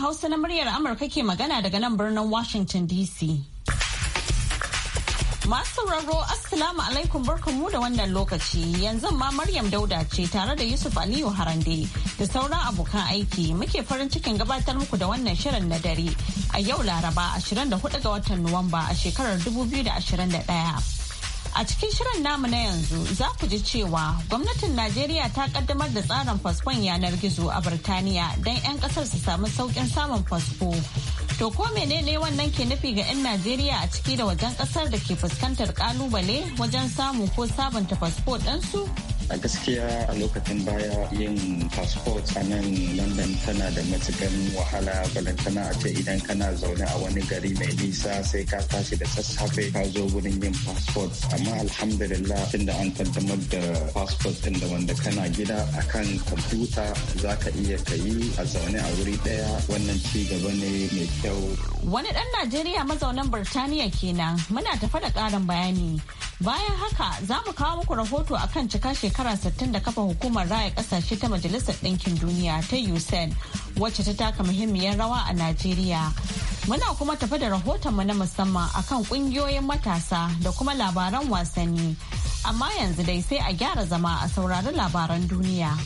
Hausa na muryar Amurka ke magana daga nan birnin Washington DC. Masu rarro Assalamu alaikum barkanmu da wannan lokaci yanzu ma Maryam Dauda ce tare da Yusuf Aliyu Harande da sauran abokan aiki muke farin cikin gabatar muku da wannan shirin na dare a yau Laraba 24 ga watan Nuwamba a shekarar 2021. A cikin shirin namu na yanzu za ku ji cewa gwamnatin Najeriya ta kaddamar da tsarin fasfon yanar gizo a Birtaniya don 'yan kasar su samu sauƙin samun fasfo. To ko menene wannan ke nufi ga 'yan Najeriya a ciki da wajen kasar da ke fuskantar kalubale wajen samu ko sabunta fasfo ɗinsu? a gaskiya a lokacin baya yin passport a nan london tana da matukan wahala balantana a ce idan kana zaune a wani gari mai nisa sai ka tashi da sassafe ka zo wurin yin passport amma alhamdulillah da an kaddamar da passport din da wanda kana gida akan kwamfuta za ka iya ka yi a zaune a wuri daya wannan ci gaba ne mai kyau wani dan najeriya mazaunan birtaniya kenan muna tafa da karin bayani Bayan haka za mu kawo muku rahoto a kan cika shekara 60 da kafa hukumar raya kasashe ta Majalisar Ɗinkin Duniya ta USAID wacce ta taka muhimmiyar rawa a Najeriya. Muna kuma tafi da rahotonmu na musamman a kan ƙungiyoyin matasa da kuma labaran wasanni. Amma yanzu dai sai a gyara zama a saurari labaran duniya.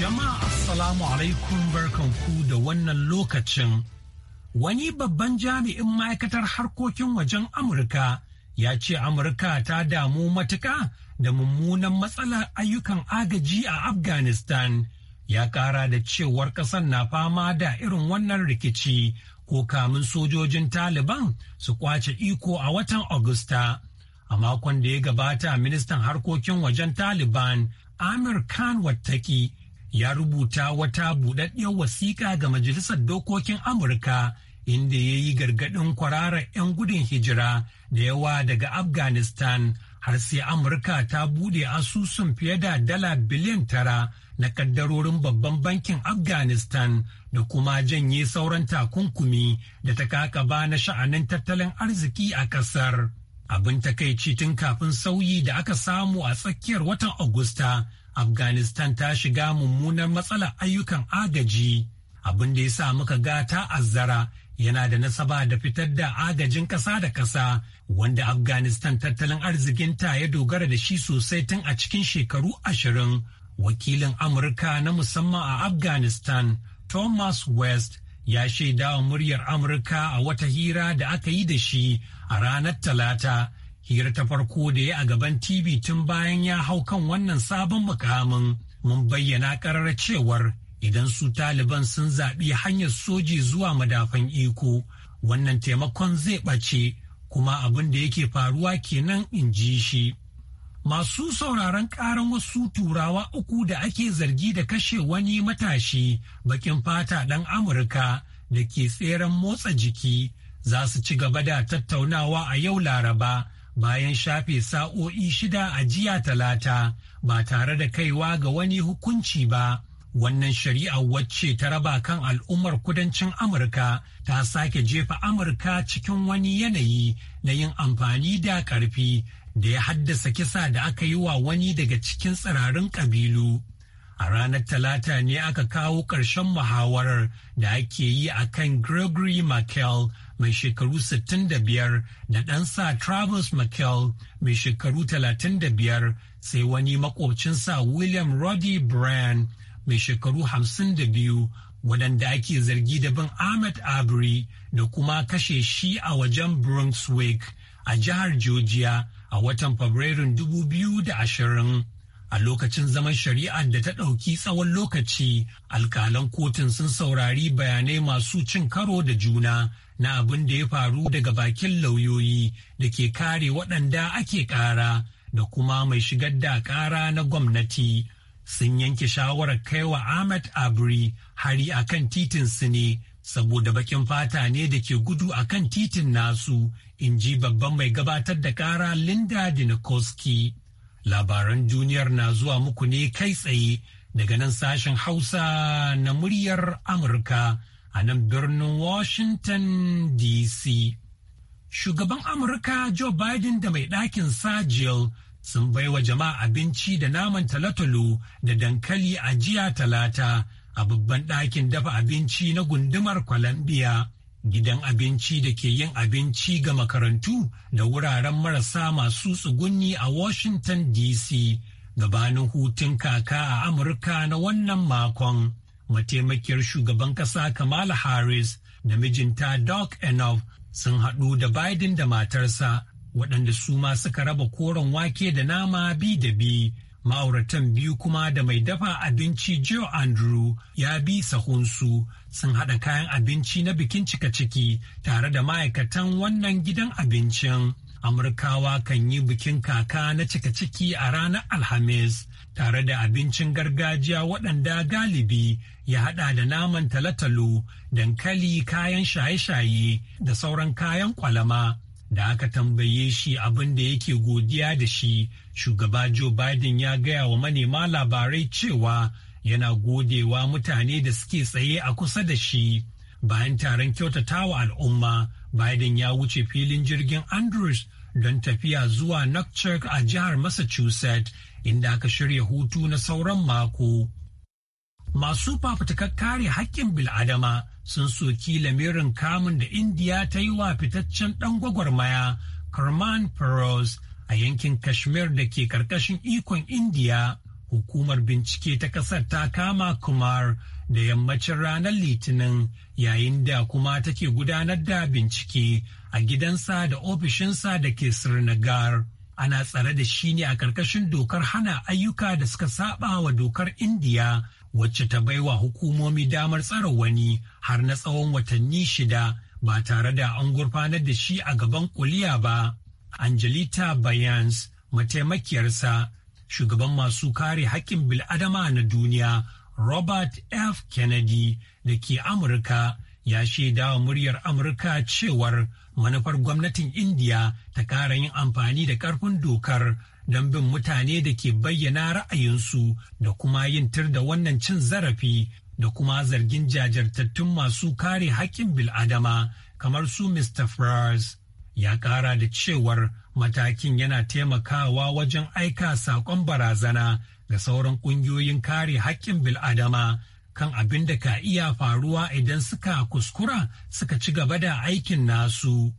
Jama'a Assalamu alaikum barkanku da wannan lokacin. Wani babban jami'in ma'aikatar harkokin wajen Amurka ya ce Amurka ta damu matuka da mummunan matsalar ayyukan agaji a Afghanistan. Ya kara da cewar ƙasar na fama da irin wannan rikici ko kamun sojojin Taliban su kwace iko a watan Agusta. A makon da ya gabata ministan harkokin wajen Taliban Amir Khan Wattaki ya rubuta wata buɗaɗɗiyar wasiƙa ga Majalisar Dokokin Amurka inda ya yi gargaɗin kwararar 'yan gudun hijira da yawa daga Afghanistan har sai Amurka ta buɗe asusun fiye da dala biliyan tara na kaddarorin babban bankin Afghanistan da kuma janye sauran takunkumi da ta ba na sha'anin tattalin arziki a ƙasar. Abin takaici tun kafin sauyi da aka samu a tsakiyar watan Agusta afghanistan ta shiga mummunan matsalar ayyukan agaji abin da ya sa muka ga ta azzara yana da nasaba da fitar da agajin ƙasa da ƙasa wanda afghanistan tattalin arzikinta ya dogara da shi sosai tun a cikin shekaru ashirin wakilin amurka na musamman a afghanistan thomas west ya shaidawa muryar amurka a wata hira da aka yi da shi a ranar talata hira ta farko da ya a gaban TV tun bayan ya hau kan wannan sabon mukamin mun bayyana karar cewar idan su taliban sun zaɓi hanyar soji zuwa madafan iko wannan taimakon zai ɓace kuma abin da yake faruwa kenan in ji shi. Masu sauraron ƙaran wasu turawa uku da ake zargi da kashe wani matashi bakin fata ɗan Amurka da ke tseren motsa jiki za su ci gaba da tattaunawa a yau Laraba bayan shafe sa'o'i shida a jiya talata ba tare da kaiwa ga wani hukunci ba. Wannan shari'a wacce ta raba kan al'ummar kudancin Amurka ta sake jefa Amurka cikin wani yanayi na yin amfani da ƙarfi da ya haddasa kisa da aka yi wa wani daga cikin tsirarin ƙabilu. A ranar Talata ne aka kawo ƙarshen muhawarar da ake yi a kan Gregory mckell mai shekaru 65 da ɗansa Travis McKell mai shekaru 35 sai wani makwabcinsa William Roddy Bryan mai shekaru 52 waɗanda ake zargi da bin Ahmed Abri da kuma kashe shi a wajen Brunswick a jihar Georgia a watan Fabrairun 2020. a lokacin zaman shari'ar da ta ɗauki tsawon lokaci alkalan kotun sun saurari bayanai masu cin karo da juna na abin da ya faru daga bakin lauyoyi da ke kare waɗanda ake ƙara da kuma mai shigar da ƙara na gwamnati sun yanke shawarar kai wa Ahmed Abri hari a kan titinsu ne saboda bakin fata ne da ke gudu a kan titin nasu in ji babban mai gabatar da ƙara Linda Dinikoski. Labaran duniyar na zuwa muku ne kai tsaye daga nan sashen Hausa na muryar Amurka. a nan birnin Washington DC. Shugaban Amurka Joe Biden da mai ɗakin sa Jill sun baiwa jama'a abinci da naman talotalo da dankali a jiya talata a babban ɗakin dafa abinci na gundumar Columbia. Gidan abinci da ke yin abinci ga makarantu da wuraren marasa masu tsugunni a Washington DC gabanin hutun kaka a Amurka na wannan makon. mataimakiyar shugaban ƙasa Kamala Harris da mijinta Doc enov sun haɗu da Biden da matarsa waɗanda su ma suka raba koren wake da nama bi da bi. Ma'auratan biyu kuma da mai dafa abinci Joe Andrew ya bi sahunsu sun haɗa kayan abinci na bikin cika ciki tare da ma'aikatan wannan gidan abincin. Amurkawa kan yi bikin kaka na cika ciki a ranar Alhamis. tare da abincin gargajiya waɗanda galibi ya haɗa da naman talotalo, dankali, kayan shaye-shaye da sauran kayan kwalama. Da aka tambaye shi abin da yake godiya da shi, shugaba Joe Biden ya gaya wa manema labarai cewa yana godewa mutane da suke tsaye a kusa da shi. Bayan taron kyautatawa al'umma, Biden ya wuce filin jirgin Andrews don tafiya zuwa Nutchurk a jihar Massachusetts inda aka shirya hutu na sauran mako. Masu fafutukar kare haƙƙin bil'adama sun soki lamirin kamun da Indiya ta yi wa fitaccen ɗan gwagwarmaya Karman Feroz a yankin Kashmir da ke ƙarƙashin ikon Indiya. Hukumar bincike ta ƙasar ta kama Kumar da yammacin ranar Litinin yayin da kuma take gudanar da bincike a gidansa da ofishinsa da ke Srinagar. ana tsare da shi ne a ƙarƙashin dokar hana ayyuka da suka saba wa dokar indiya wacce ta baiwa hukumomi damar tsare wani har na tsawon watanni shida ba tare da an gurfanar da shi a gaban kuliya ba angelita bayans mataimakiyarsa shugaban masu kare haƙƙin bil'adama na duniya robert f kennedy da ke amurka ya shaida muryar amurka cewar manufar gwamnatin indiya ta kara yin amfani da ƙarfin dokar don bin mutane da ke bayyana ra'ayinsu da kuma yin tir da wannan cin zarafi da kuma zargin jajirtattun masu kare haƙƙin bil'adama kamar su mr Frars. ya ƙara da cewar matakin yana taimakawa wajen aika saƙon barazana ga sauran ƙungiyoyin kare haƙƙin bil'adama kan abin da ka iya faruwa idan suka kuskura suka ci gaba da aikin nasu.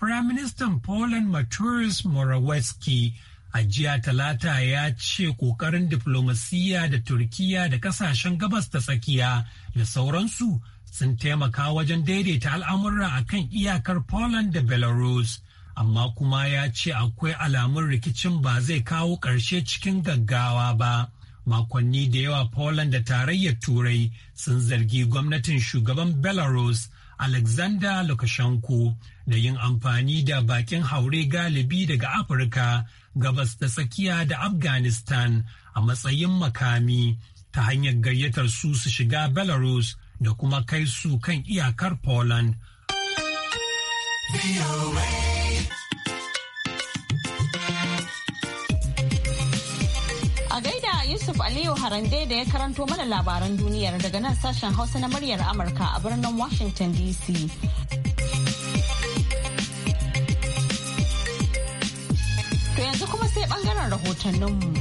Firaministan Poland Mateusz Morawiecki a jiya talata ya ce ƙoƙarin diflomasiyya da Turkiyya da kasashen gabas ta tsakiya da sauransu sun taimaka wajen daidaita al'amura a kan iyakar Poland da Belarus. Amma kuma ya ce akwai alamun rikicin ba zai kawo ƙarshe cikin gaggawa ba. makonni da yawa Poland da tarayyar Turai sun zargi gwamnatin shugaban Belarus Alexander Lukashenko da yin amfani da bakin haure galibi daga Afirka gabas da tsakiya da Afghanistan a matsayin makami ta hanyar gayyatar su su shiga Belarus da kuma kai su kan iyakar Poland. Yusuf Aliyu Harande da ya karanto mana labaran duniyar daga nan sashen Hausa na muryar Amurka a birnin Washington DC. To yanzu kuma sai bangaren rahotanninmu.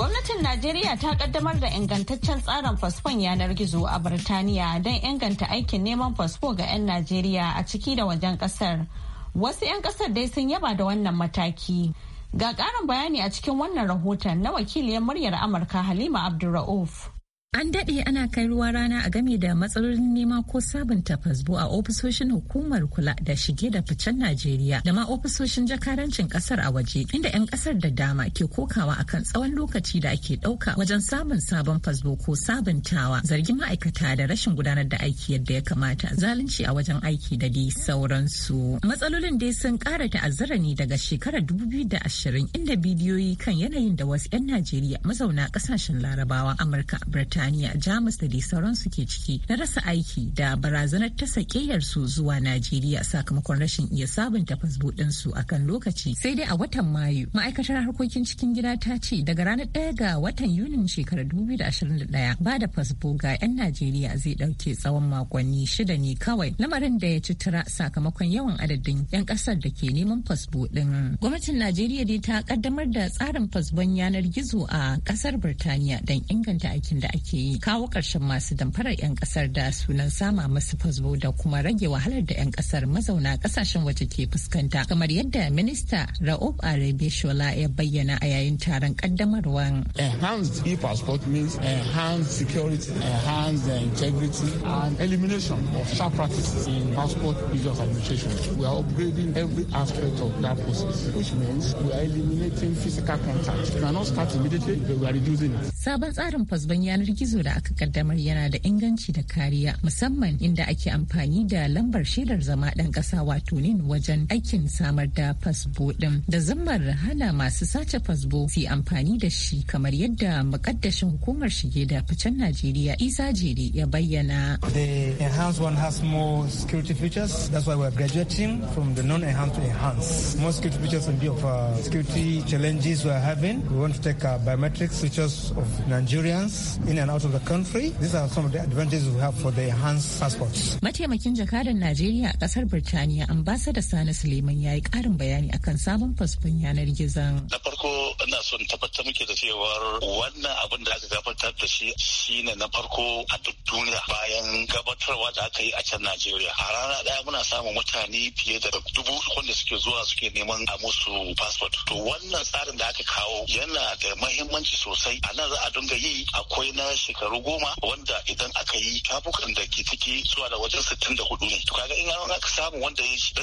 Gwamnatin Najeriya ta kaddamar da ingantaccen tsarin fasfon yanar gizo a Birtaniya don inganta aikin neman fasfo ga 'yan Najeriya a ciki da wajen kasar. Wasu 'yan kasar dai sun yaba da wannan mataki. Ga ƙarin bayani a cikin wannan rahoton na wakiliyar muryar Amurka Halima Abdulra'uf. An daɗe ana kai ruwa rana a game da matsalolin nema ko sabunta fasbo a ofisoshin hukumar kula da shige da ficen Najeriya da ma ofisoshin jakarancin ƙasar a waje inda 'yan ƙasar da dama ke kokawa akan tsawon lokaci da ake ɗauka wajen samun sabon fasbo ko sabuntawa zargin ma'aikata da rashin gudanar da aiki yadda ya kamata zalunci a wajen aiki da dai sauransu. Matsalolin dai sun ƙara ta'azzara ne daga shekarar dubu biyu da ashirin inda bidiyoyi kan yanayin da wasu 'yan Najeriya mazauna ƙasashen Larabawa Amurka Britain Birtaniya, Jamus da dai sauransu ke ciki na rasa aiki da barazanar ta su zuwa Najeriya sakamakon rashin iya sabunta fasbo ɗinsu a kan lokaci. Sai dai a watan Mayu, ma'aikatar harkokin cikin gida ta ce daga ranar ɗaya ga watan Yunin shekarar ɗaya ba da fasbo ga 'yan Najeriya zai ɗauke tsawon makonni shida ne kawai. Lamarin da ya ci tura sakamakon yawan adadin 'yan ƙasar da ke neman fasbo ɗin. Gwamnatin Najeriya dai ta ƙaddamar da tsarin fasbon yanar gizo a ƙasar Birtaniya don inganta aikin da ake ke yi kawo ƙarshen masu damfarar 'yan ƙasar da sunan sama masu fasbo da kuma rage wahalar da 'yan ƙasar mazauna ƙasashen waje ke fuskanta kamar yadda minista Ra'ub Arabe Shola ya bayyana a yayin taron ƙaddamarwan. Enhanced e-passport means enhanced security, enhanced uh, integrity and elimination of sharp practices in passport business administration. We are upgrading every aspect of that process, which means we are eliminating physical contact. We are not starting immediately, but we are reducing it. Sabon tsarin fasban yanar gizo da aka kaddamar yana da inganci da kariya musamman inda ake amfani da lambar shaidar zama ɗan ƙasa wato nin wajen aikin samar da fasbo ɗin da zammar hana masu sace fasbo su amfani da shi kamar yadda makaddashin hukumar shige da ficen Najeriya Isa Jere ya bayyana. The enhanced one has more security features. That's why are graduating from the non-enhanced to enhanced. More security features in view of uh, security challenges are having. We want to take uh, biometrics features of Nigerians in and out of the country. These are some of the advantages we have for the enhanced passport. Mataimakin jakadan Najeriya a kasar Birtaniya, ambasada Sani Suleiman ya yi karin bayani akan sabon fasfon yanar gizon. Na farko ina son tabbatar muke da cewar wannan abin da aka gabatar da shi shine na farko a duk duniya bayan gabatarwa da aka yi a can Najeriya. A rana ɗaya muna samun mutane fiye da dubu wanda suke zuwa suke neman a musu fasfot. To wannan tsarin da aka kawo yana da mahimmanci sosai. A nan za a dinga yi akwai na shekaru goma wanda idan aka yi tafukan da ke ciki zuwa da wajen sittin da hudu ne. To kaga in an aka samu wanda ya shi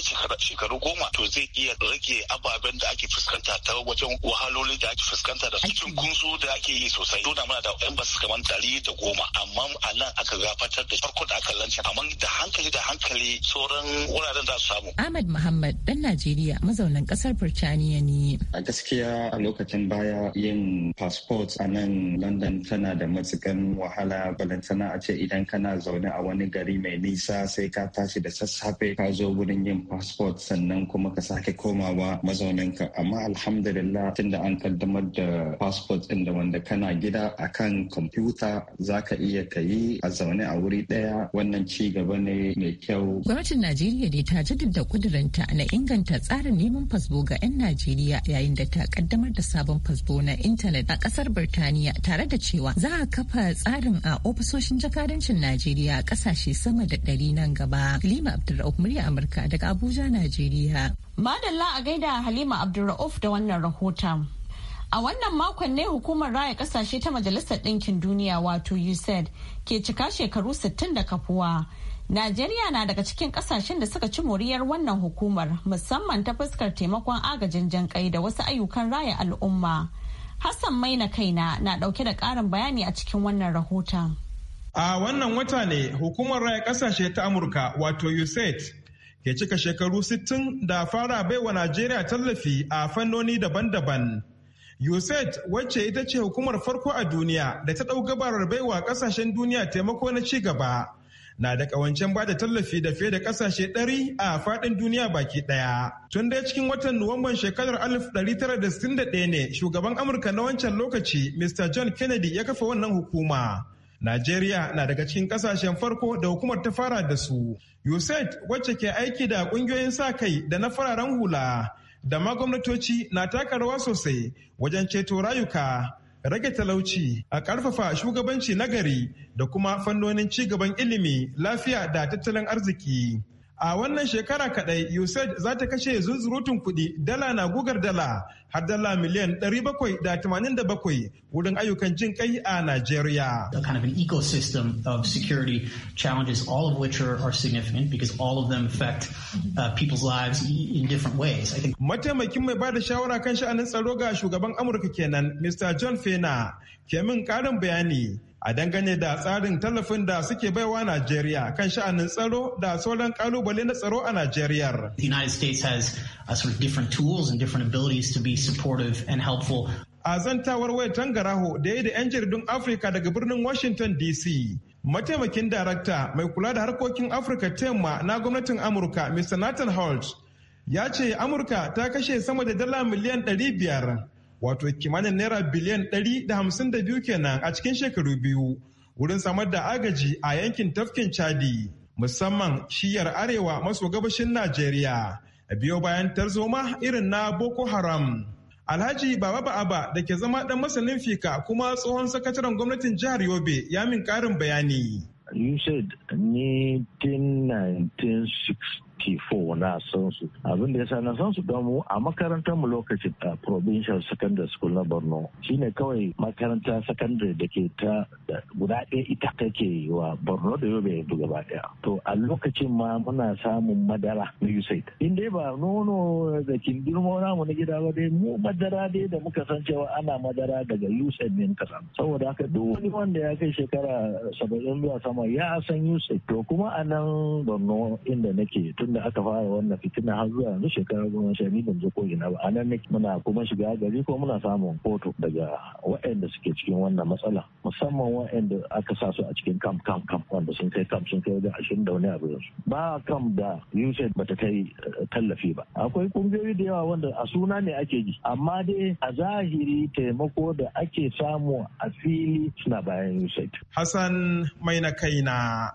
shekaru goma to zai iya rage ababen da ake fuskanta ta wajen wahalo matsaloli da ake fuskanta da cikin kunsu da ake yi sosai da muna da yan basu kamar dari da goma amma a nan aka gabatar da farko da aka lance amma da hankali da hankali sauran wuraren za su samu. Ahmad Muhammad dan Najeriya mazaunin kasar Birtaniya ne. A gaskiya a lokacin baya yin passport a nan London tana da matukan wahala balantana a ce idan kana zaune a wani gari mai nisa sai ka tashi da sassafe ka zo wurin yin passport sannan kuma ka sake komawa ka amma alhamdulillah tunda an an kaddamar da passport ɗin da wanda kana gida akan kwamfuta za ka iya ka yi a zaune a wuri ɗaya wannan ci gaba ne mai kyau. Gwamnatin Najeriya dai ta jaddada kudurinta na inganta tsarin neman fasbo ga 'yan Najeriya yayin da ta kaddamar da sabon fasbo na intanet a ƙasar Birtaniya tare da cewa za a kafa tsarin a ofisoshin jakadancin Najeriya a ƙasashe sama da ɗari nan gaba. Halima Abdulrahman murya Amurka daga Abuja, Najeriya. Madalla a gaida Halima Abdulrauf da wannan rahoton. A wannan makon ne hukumar raya kasashe ta Majalisar Ɗinkin Duniya wato USAID ke cika shekaru 60 da kafuwa. Najeriya na daga cikin kasashen da suka ci moriyar wannan hukumar musamman ta fuskar taimakon agajin jankai da wasu ayyukan raya al'umma. Hassan mai na kaina na ɗauke da ƙarin bayani a cikin wannan rahoton. A wannan wata ne hukumar raya kasashe ta Amurka wato USAID ke cika shekaru 60 da fara baiwa Najeriya tallafi a fannoni daban-daban. USAID wacce ita ce hukumar farko a duniya da ta ɗau gabarar baiwa ƙasashen duniya taimako na ci gaba na da ƙawancen ba da tallafi da fiye da ƙasashe ɗari a faɗin duniya baki ɗaya. Tun dai cikin watan Nuwamban shekarar 1961 ne shugaban Amurka na wancan lokaci Mr. John Kennedy ya kafa wannan hukuma. Najeriya na daga cikin ƙasashen farko da hukumar ta fara da su. USAID wacce ke aiki da ƙungiyoyin sa kai da na fararen hula da ma gwamnatoci na taka rawa sosai wajen ceto rayuka rage talauci a ƙarfafa shugabanci nagari da kuma fannonin ci gaban ilimi lafiya da tattalin arziki A wannan shekara kaɗai USAID za ta kashe zunzurutun kuɗi dala na gugar dala har dala miliyan 787 wurin ayyukan jin kai a Najeriya. A kind of an ecosystem of security challenges, all of which are, significant because all of them affect uh, people's lives in different ways. Mataimakin mai bada shawara kan sha'anin tsaro ga shugaban Amurka kenan, Mr. John Fena, ke min ƙarin bayani. a dangane da tsarin tallafin da suke baiwa Najeriya kan sha'anin tsaro da sauran kalubale na tsaro a Najeriya. The United States has a uh, sort of different tools and different abilities to be supportive and helpful. A zantawar wayar tangaraho da ya da 'yan jaridun Afirka daga birnin Washington DC. Mataimakin darakta mai kula da harkokin Afirka ta na gwamnatin Amurka, Mr. Nathan Holt, ya ce Amurka ta kashe sama da dala miliyan 500 wato kimanin naira biliyan 152 kenan a cikin shekaru biyu wurin samar da agaji a yankin tafkin chadi musamman shiyar arewa maso gabashin najeriya biyo bayan tarzoma irin na boko haram Alhaji Baba Ba'aba da ke zama dan masanin fika kuma tsohon sakataren gwamnatin jihar Yobe ya min karin bayani. You said 94 na san su abin da yasa na san su don mu a makarantar mu lokacin a provincial secondary school na Borno shine kawai makaranta secondary da ke ta guda ɗaya ita kake wa Borno da Yobe yanzu gaba ɗaya to a lokacin ma muna samun madara na USAID in dai ba nono da kindirmo namu na gida ba dai mu madara dai da muka san cewa ana madara daga USAID ne muka san saboda haka duk wani wanda ya kai shekara saba'in zuwa sama ya san USAID to kuma a nan Borno inda nake tun da aka fara wannan fitina har zuwa yanzu shekara goma sha biyu ban zo ko ina ba a ne muna kuma shiga gari ko muna samun kotu daga waɗanda suke cikin wannan matsala musamman waɗanda aka sa su a cikin kam kam kam wanda sun kai kam sun kai wajen ashirin da wani abu yanzu ba kam da ba bata kai eh, tallafi ba akwai kungiyoyi da yawa wanda a suna ne ake ji amma dai a zahiri taimako da ake samu a fili suna bayan yusuf Hassan mai na kaina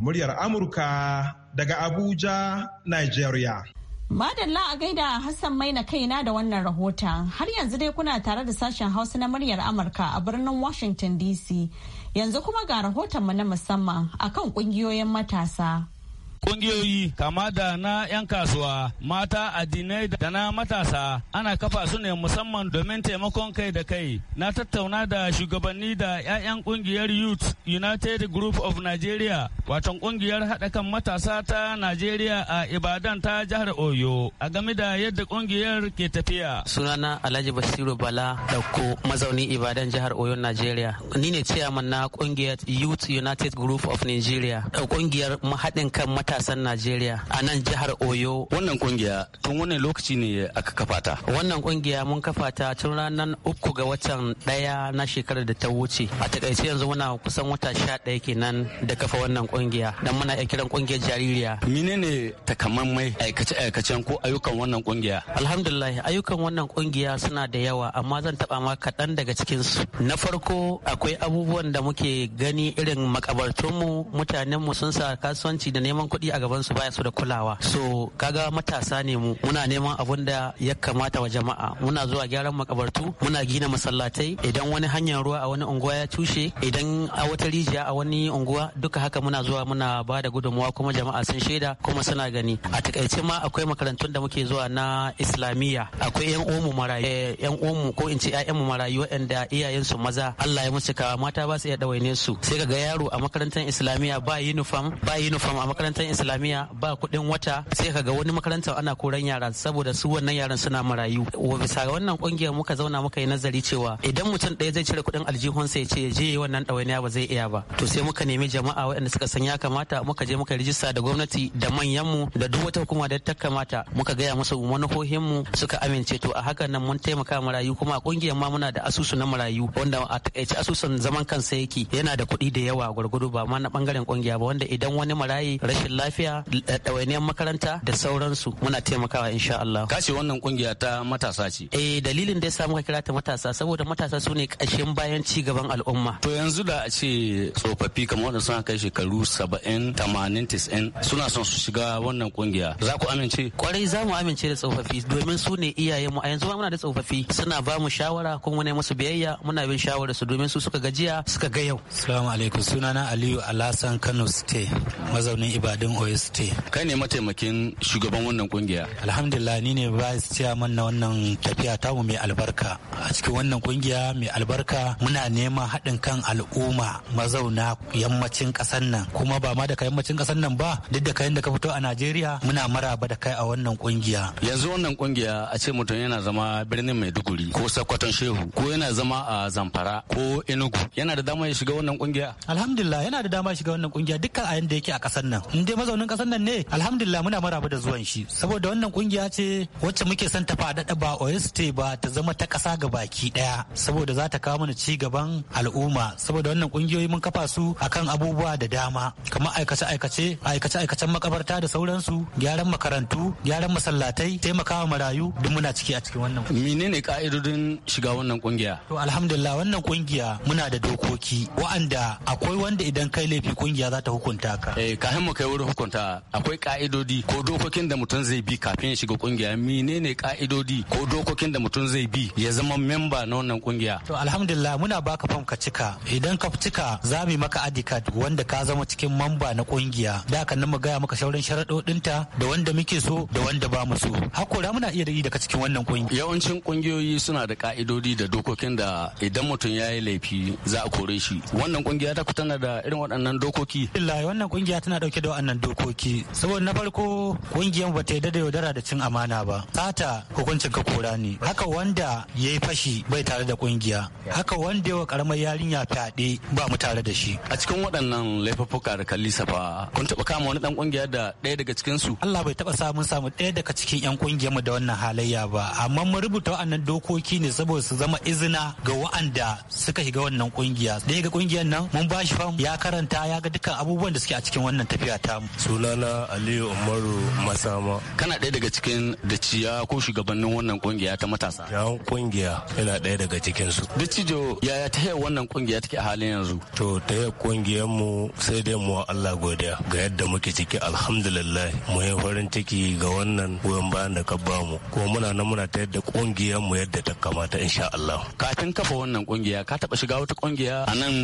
muryar Amurka daga Abuja, Nigeria. Madalla a gaida Hassan Maina kaina da wannan rahoton. Har yanzu dai kuna tare da sashen Hausa na muryar Amurka a birnin Washington DC. Yanzu kuma ga rahoton mu na musamman akan kungiyoyin matasa. kungiyoyi kama da na 'yan kasuwa mata addinai da na matasa ana kafa su ne musamman domin taimakon kai da kai na tattauna da shugabanni da 'ya'yan kungiyar youth united group of nigeria watan kungiyar haɗa kan matasa ta nigeria a ibadan ta jihar oyo a game da yadda kungiyar ke tafiya sunana alhaji basiru bala dauko mazauni ibadan jihar oyo nigeria ni ne ciyaman na kungiyar youth united group of nigeria kungiyar mahaɗin kan matasa matasan Najeriya a nan jihar Oyo. Wannan kungiya tun wannan lokaci ne aka kafa ta. Wannan kungiya mun kafa ta tun ranar uku ga watan ɗaya na shekarar da ta wuce. A takaice yanzu muna kusan wata sha ɗaya kenan da kafa wannan kungiya. Dan muna iya kiran kungiyar jaririya. Menene mai aikace-aikacen ko ayyukan wannan kungiya? Alhamdulillah ayyukan wannan kungiya suna da yawa amma zan taba ma kaɗan daga cikinsu. Na farko akwai abubuwan da muke gani irin makabartunmu mutanenmu sun sa kasuwanci da neman kuɗi kuɗi a gaban su baya su da kulawa so kaga matasa ne mu muna neman abun da ya kamata wa jama'a muna zuwa gyaran makabartu muna gina masallatai idan wani hanyar ruwa a wani unguwa ya tushe idan a wata rijiya a wani unguwa duka haka muna zuwa muna ba da gudunmuwa kuma jama'a sun shaida kuma suna gani a takaice ma akwai makarantun da muke zuwa na islamiyya akwai yan umu marayu yan eh, ko in ce ƴaƴan mu marayu waɗanda iyayen su maza Allah ya musu kawa mata ba su iya dawaine su sai ga yaro a makarantar islamiyya ba yunifam ba yunifam a makarantar makarantar islamiyya ba kuɗin wata sai kaga wani makaranta ana koran yara saboda su wannan yaran suna marayu wa bisa wannan kungiyar muka zauna muka yi nazari cewa idan mutum ɗaya zai cire kuɗin aljihunsa ya ce ya je wannan ɗawainiya ba zai iya ba to sai muka nemi jama'a waɗanda suka san ya kamata muka je muka rijista da gwamnati da manyanmu da duk wata hukuma da ta kamata muka gaya musu manufofinmu suka amince to a hakan nan mun taimaka marayu kuma kungiyar ma muna da asusu na marayu wanda a takaice asusun zaman kansa yake yana da kuɗi da yawa gwargwado ba ma na ɓangaren kungiya ba wanda idan wani marayi rashin lafiya ɗawainiyar makaranta da sauransu muna taimakawa insha Allah. Kashi wannan kungiya ta matasa ce. Eh dalilin da yasa muka kira ta matasa saboda matasa su ne ƙashin bayan ci gaban al'umma. To yanzu da a ce tsofaffi kamar wanda suna kai shekaru saba'in tamanin tis'in suna son su shiga wannan kungiya za ku amince. Kwarai za mu amince da tsofaffi domin su ne iyayenmu a yanzu muna da tsofaffi suna ba mu shawara kuma ne musu biyayya muna bin shawara su domin su suka gajiya suka ga yau. Assalamu alaikum sunana Aliyu Alhassan Kano State mazaunin Ibadan. din ost kai ne mataimakin shugaban wannan kungiya alhamdulillah ni ne vice chairman na wannan tafiya tamu mai albarka a cikin wannan kungiya mai albarka muna neman haɗin kan al'umma mazauna yammacin ƙasar nan kuma ba ma da ka yammacin ƙasar nan ba duk da kayan da ka fito a najeriya muna maraba da kai a wannan kungiya yanzu wannan kungiya a ce mutum yana zama birnin maiduguri ko sakkwaton shehu ko yana zama a zamfara ko enugu yana da dama ya shiga wannan kungiya alhamdulillah yana da dama ya shiga wannan kungiya dukkan a yanda yake a ƙasar nan dai mazaunin kasar nan ne alhamdulillah muna maraba da zuwan shi saboda wannan kungiya ce wacce muke son ta faɗaɗa ba oyeste ba ta zama ta ƙasa ga baki ɗaya saboda za ta kawo mana ci gaban al'umma saboda wannan kungiyoyi mun kafa su akan abubuwa da dama kamar aikace aikace aikace aikacen makabarta da sauransu gyaran makarantu gyaran masallatai taimakawa marayu duk muna ciki a cikin wannan menene ka'idodin shiga wannan kungiya to alhamdulillah wannan kungiya muna da dokoki wa'anda akwai wanda idan kai laifi kungiya za ta hukunta ka eh ka mu kai da hukunta akwai ka'idodi ko dokokin da mutum zai bi kafin ya shiga kungiya menene ka'idodi ko dokokin da mutum zai bi ya zama memba na wannan kungiya to alhamdulillah muna baka fam ka cika idan ka cika za mu maka adika wanda ka zama cikin memba na kungiya da ka nan mu gaya maka shauran sharadodinta da wanda muke so da wanda ba mu so hakora muna iya da daga cikin wannan kungiya yawancin kungiyoyi suna da ka'idodi da dokokin da idan mutum ya yi laifi za a kore shi wannan kungiya ta tana da irin waɗannan dokoki illa wannan kungiya tana dauke da waɗannan waɗannan dokoki saboda na farko ƙungiyarmu ba ta yarda da yaudara da cin amana ba sata hukuncin ka kora ne haka wanda ya yi fashi bai tare da kungiya haka wanda yawa karamar yarinya fyaɗe ba mu tare da shi a cikin waɗannan laifuffuka da kalli fa kun taɓa kama wani ɗan kungiya da ɗaya daga cikin su Allah bai taɓa samun samu ɗaya daga cikin ƴan kungiyar mu da wannan halayya ba amma mun rubuta waɗannan dokoki ne saboda su zama izina ga wa'anda suka shiga wannan kungiya ɗaya ga kungiyar nan mun ba shi fam ya karanta ya ga dukkan abubuwan da suke a cikin wannan tafiya ta sunana aliyu umaru masama kana ɗaya daga cikin da ciya ko shugabannin wannan kungiya ta matasa yawon kungiya yana ɗaya daga cikin su dattijo yaya ta yaya wannan kungiya take a halin yanzu to ta yaya kungiyar mu sai dai mu Allah godiya ga yadda muke ciki alhamdulillah mu yi farin ciki ga wannan goyon bayan da ka ba mu ko muna nan muna ta yadda kungiyar mu yadda ta kamata insha Allah kafin kafa wannan kungiya ka taba shiga wata kungiya a nan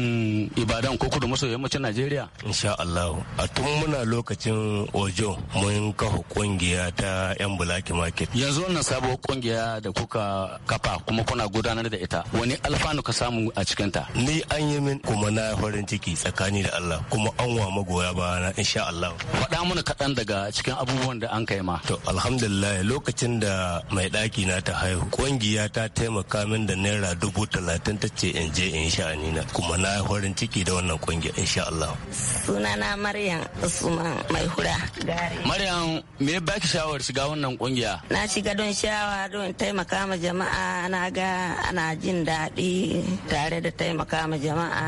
Ibadan ko kudu maso yammacin Najeriya insha Allah a tun muna lokacin ojo mun kafa kungiya ta yan bulaki market yanzu wannan sabuwar kungiya da kuka kafa kuma kuna gudanar da ita wani alfanu ka samu a cikinta ni an yi min kuma na farin ciki tsakani da Allah kuma an wa magoya na insha Allah faɗa mana kaɗan daga cikin abubuwan da an kai ma to alhamdulillah lokacin da mai ɗaki na ta haihu kungiya ta taimaka min da naira dubu talatin ta ce in je in ni na kuma na farin ciki da wannan kungiya insha Allah sunana Maryam kuma mai hura maryam me ya baki shawar shiga wannan kungiya na shiga don shawa don taimaka ma jama'a na ga ana jin daɗi tare da taimaka ma jama'a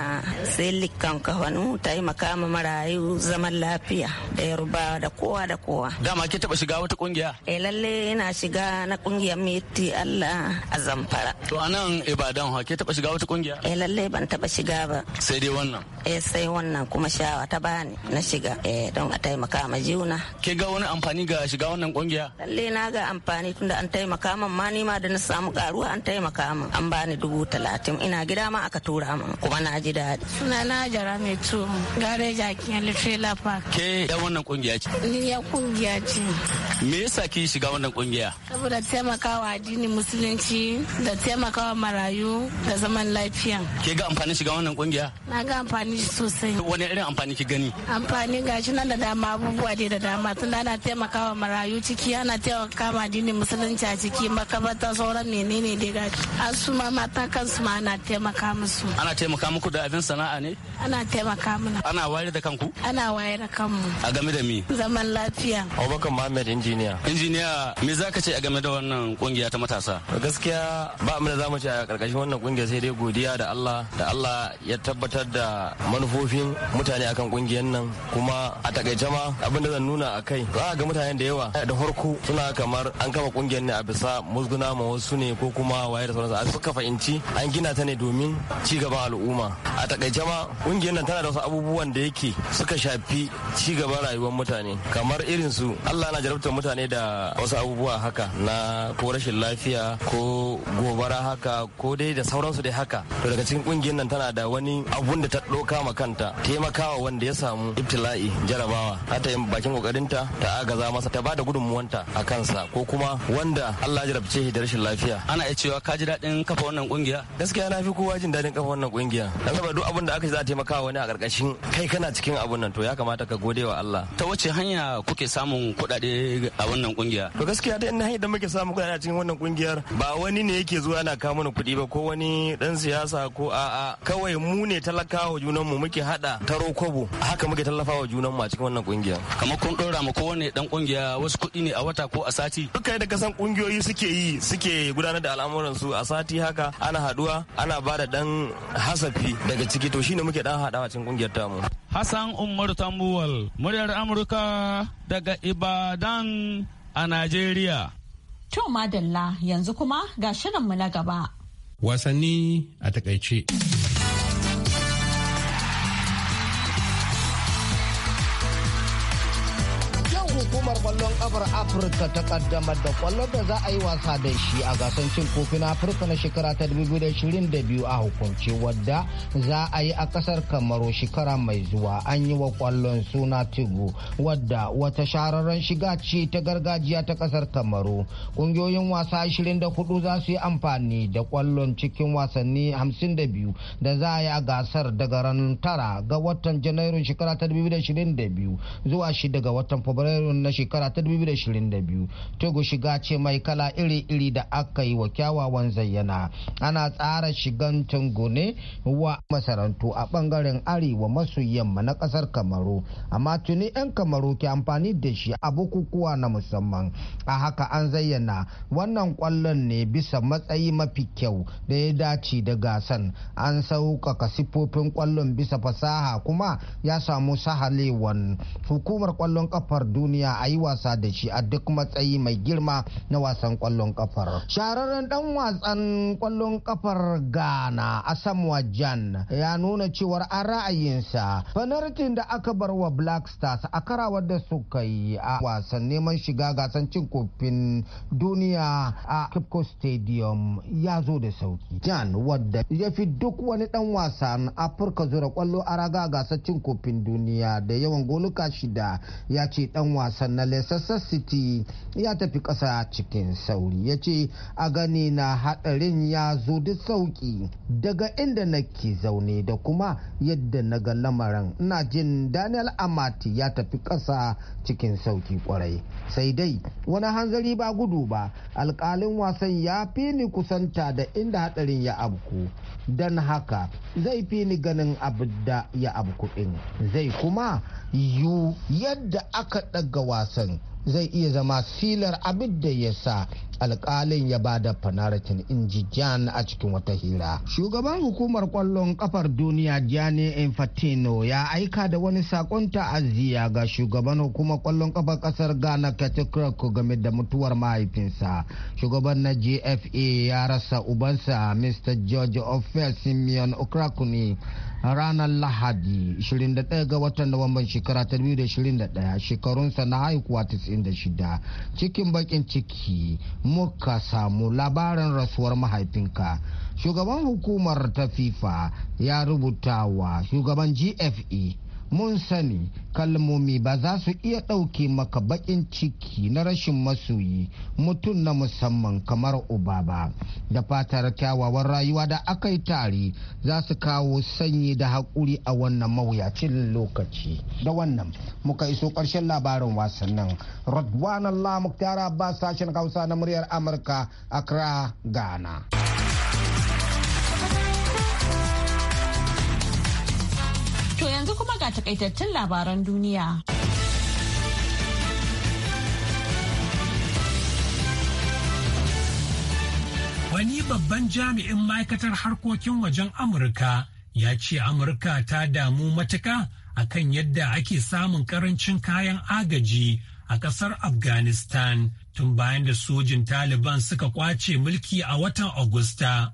sai likan kahonu taimaka ma marayu zaman lafiya da yarubawa da kowa da kowa dama ke taba shiga wata kungiya eh lalle ina shiga na kungiyar miti Allah a zamfara to anan ibadan ha ke taba shiga wata kungiya eh lalle ban taba shiga ba sai dai wannan eh sai wannan kuma shawa ta bani na shiga eh don a taimaka ma juna. Ke ga wani amfani ga shiga wannan kungiya? Lalle na ga amfani tunda an taimaka min ma ni ma da na samu karuwa an taimaka min an bani dubu talatin ina gida ma aka tura min kuma na ji daɗi. Suna na jara mai tuwo gareja kiyan lifela park. Ke ya wannan kungiya ce? Ni ya kungiya ce. Me yasa ki shiga wannan kungiya? Saboda taimakawa addinin musulunci da taimakawa marayu da zaman lafiya. Ke ga amfani shiga wannan kungiya? Na ga amfani sosai. Wani irin amfani ki gani? Amfani gashi na nan da dama abubuwa dai da dama tun ana taimakawa marayu ciki ana taimakawa addinin musulunci a ciki makabarta sauran menene dai ga an su ma mata kansu ma ana taimaka musu. Ana taimaka muku da abin sana'a ne? Ana taimaka mana. Ana wayar da kanku? Ana wayar da kanmu. A game da mi? Zaman lafiya. Abubakar Muhammad injiniya. Injiniya me za ka ce a game da wannan kungiya ta matasa? Gaskiya ba mu da zamu ce a karkashin wannan kungiya sai dai godiya da Allah da Allah ya tabbatar da manufofin mutane akan kungiyar nan kuma a a takaice ma abin da zan nuna a kai za ga mutanen da yawa da farko suna kamar an kama kungiyar ne a bisa musguna ma wasu ne ko kuma waye da sauransu a suka fahimci an gina ta ne domin ci gaban al'umma a takaice ma kungiyar nan tana da wasu abubuwan da yake suka shafi ci gaban rayuwar mutane kamar irin su Allah na jarabta mutane da wasu abubuwa haka na ko rashin lafiya ko gobara haka ko dai da sauransu dai haka to daga cikin kungiyar nan tana da wani abun da ta ɗauka ma kanta taimakawa wanda ya samu ibtila'i jara jarabawa za ta yi bakin kokarinta ta agaza masa ta bada gudunmuwanta a kansa ko kuma wanda Allah ya jarabce shi da rashin lafiya ana iya cewa ka ji daɗin kafa wannan kungiya gaskiya na fi kowa jin daɗin kafa wannan kungiya dan saboda duk abin da aka za a taimaka wani a karkashin kai kana cikin abun nan to ya kamata ka gode wa Allah ta wace hanya kuke samun kuɗaɗe a wannan kungiya to gaskiya da ina da muke samun kuɗaɗe a cikin wannan kungiyar ba wani ne yake zuwa yana kawo mana kuɗi ba ko wani dan siyasa ko a'a kawai mu ne talakawa junanmu muke hada taro kobo haka muke tallafa wa a cikin wannan kungiya kamar kun dora ma kowane dan kungiya wasu kuɗi ne a wata ko a sati duka da kasan kungiyoyi suke yi suke gudanar da al'amuran su a sati haka ana haduwa ana ba da dan hasafi daga ciki to shine muke dan hadawa cikin kungiyar tamu Hassan Umar Tambuwal muryar Amurka daga Ibadan a Najeriya To madalla yanzu kuma ga mu na gaba wasanni a takaice kafar afirka ta kaddamar da kwallon da za a yi wasa da shi a gasar cin kofin afirka na shekara ta 2022 a hukunce wadda za a yi a kasar kamaru shekara mai zuwa an yi wa kwallon suna tigo wadda wata shahararren shiga ce ta gargajiya ta kasar kamaru kungiyoyin wasa 24 za su yi amfani da kwallon cikin wasanni 52 da za a yi a gasar daga ran tara ga watan janairun shekara ta 2022 zuwa shi daga watan fabrairu na shekara ta 2022 togo shiga ce mai kala iri-iri da aka yi wa kyawawan zayyana ana tsara shigan tungo ne wa masarantu a bangaren arewa masu yamma na kasar kamaru amma tuni 'yan kamaru ke amfani da shi a bukukuwa na musamman a haka an zayyana wannan kwallon ne bisa matsayi mafi kyau da ya dace da gasan an sauƙaƙa sifofin kwallon bisa fasaha kuma ya samu sahalewan hukumar kwallon kafar duniya a yi wasa da shi a duk matsayi mai girma na wasan kwallon kafar shahararren dan wasan kwallon kafar ghana asamoah jan ya nuna cewar a ra'ayinsa fanartin da aka bar wa black stars a karawar da suka yi a wasan neman shiga gasan cin kofin duniya a Kipko stadium ya zo da sauki jan wadda ya fi duk wani dan wasan afirka zura kwallo a raga gasar cin kofin duniya da yawan goluka shida ya ce dan wasan na lesas kansas city ya tafi kasa cikin sauri ya ce a gani na hadarin ya zo da sauki daga inda nake zaune da kuma yadda na ga lamarin na jin daniel amati ya tafi kasa cikin sauki kwarai sai dai wani hanzari ba gudu ba alkalin wasan ya fi ni kusanta da inda hadarin ya abku don haka zai fi ni ganin abin da ya abku din zai kuma yu yadda aka ɗaga wasan zai iya zama silar abin da ya sa alkalin ya ba da fanaratin inji jan a cikin wata hira shugaban hukumar kwallon kafar duniya gianni infantino ya aika da wani sakon ta'aziyya ga shugaban hukumar kwallon kafar kasar ghana katikrock game da mutuwar mahaifinsa shugaban na gfa ya rasa ubansa mr george of simeon okrakuni ranar lahadi 21 ga watan nuwamban shekara ta 2021 shekarunsa na haikuwa 96 cikin bakin ciki muka samu labarin rasuwar mahaifinka shugaban hukumar ta fifa ya rubuta wa shugaban gfe mun sani kalmomi ba za su iya ɗauke maka baƙin ciki na rashin masoyi mutum na musamman kamar uba ba da fatar kyawawan rayuwa da aka yi tare za su kawo sanyi da haƙuri a wannan mawuyacin lokaci da wannan muka iso ƙarshen labarin wasannin rodwan allah tara ba sashen hausa na muryar amurka accra ghana kuma ga takaitattun labaran duniya. Wani babban jami'in ma'aikatar harkokin wajen Amurka ya ce Amurka ta damu matuka akan yadda ake samun karancin kayan agaji a ƙasar Afghanistan tun bayan da sojin Taliban suka kwace mulki a watan Agusta.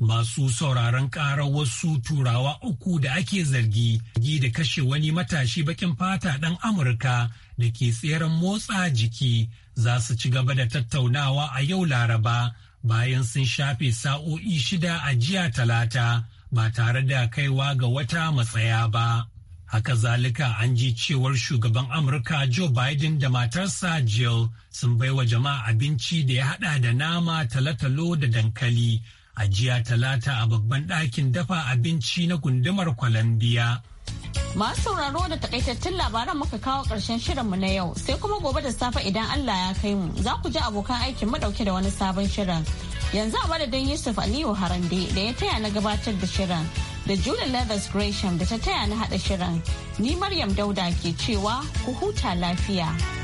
masu sauraron karar wasu turawa uku da ake zargi gi da kashe wani matashi bakin fata ɗan amurka da ke tseren motsa jiki za su ci gaba da tattaunawa a yau laraba bayan sun shafe sa'o'i shida a jiya talata ba tare da kaiwa ga wata matsaya ba haka zalika an ji cewar shugaban amurka joe biden da matarsa jill sun baiwa jama'a abinci da ya hada da nama talatalo, da dankali a jiya talata a babban ɗakin dafa abinci na gundumar kwalambiya. Masu sauraro da takaitattun labaran muka kawo ƙarshen shirinmu na yau sai kuma gobe da safe idan Allah ya kai mu za ku ji abokan aikin mu da wani sabon shirin. Yanzu a madadin Yusuf Aliyu Harande da ya taya na gabatar da shirin da Julie Levis Gresham da ta taya na haɗa shirin. Ni Maryam Dauda ke cewa ku huta lafiya.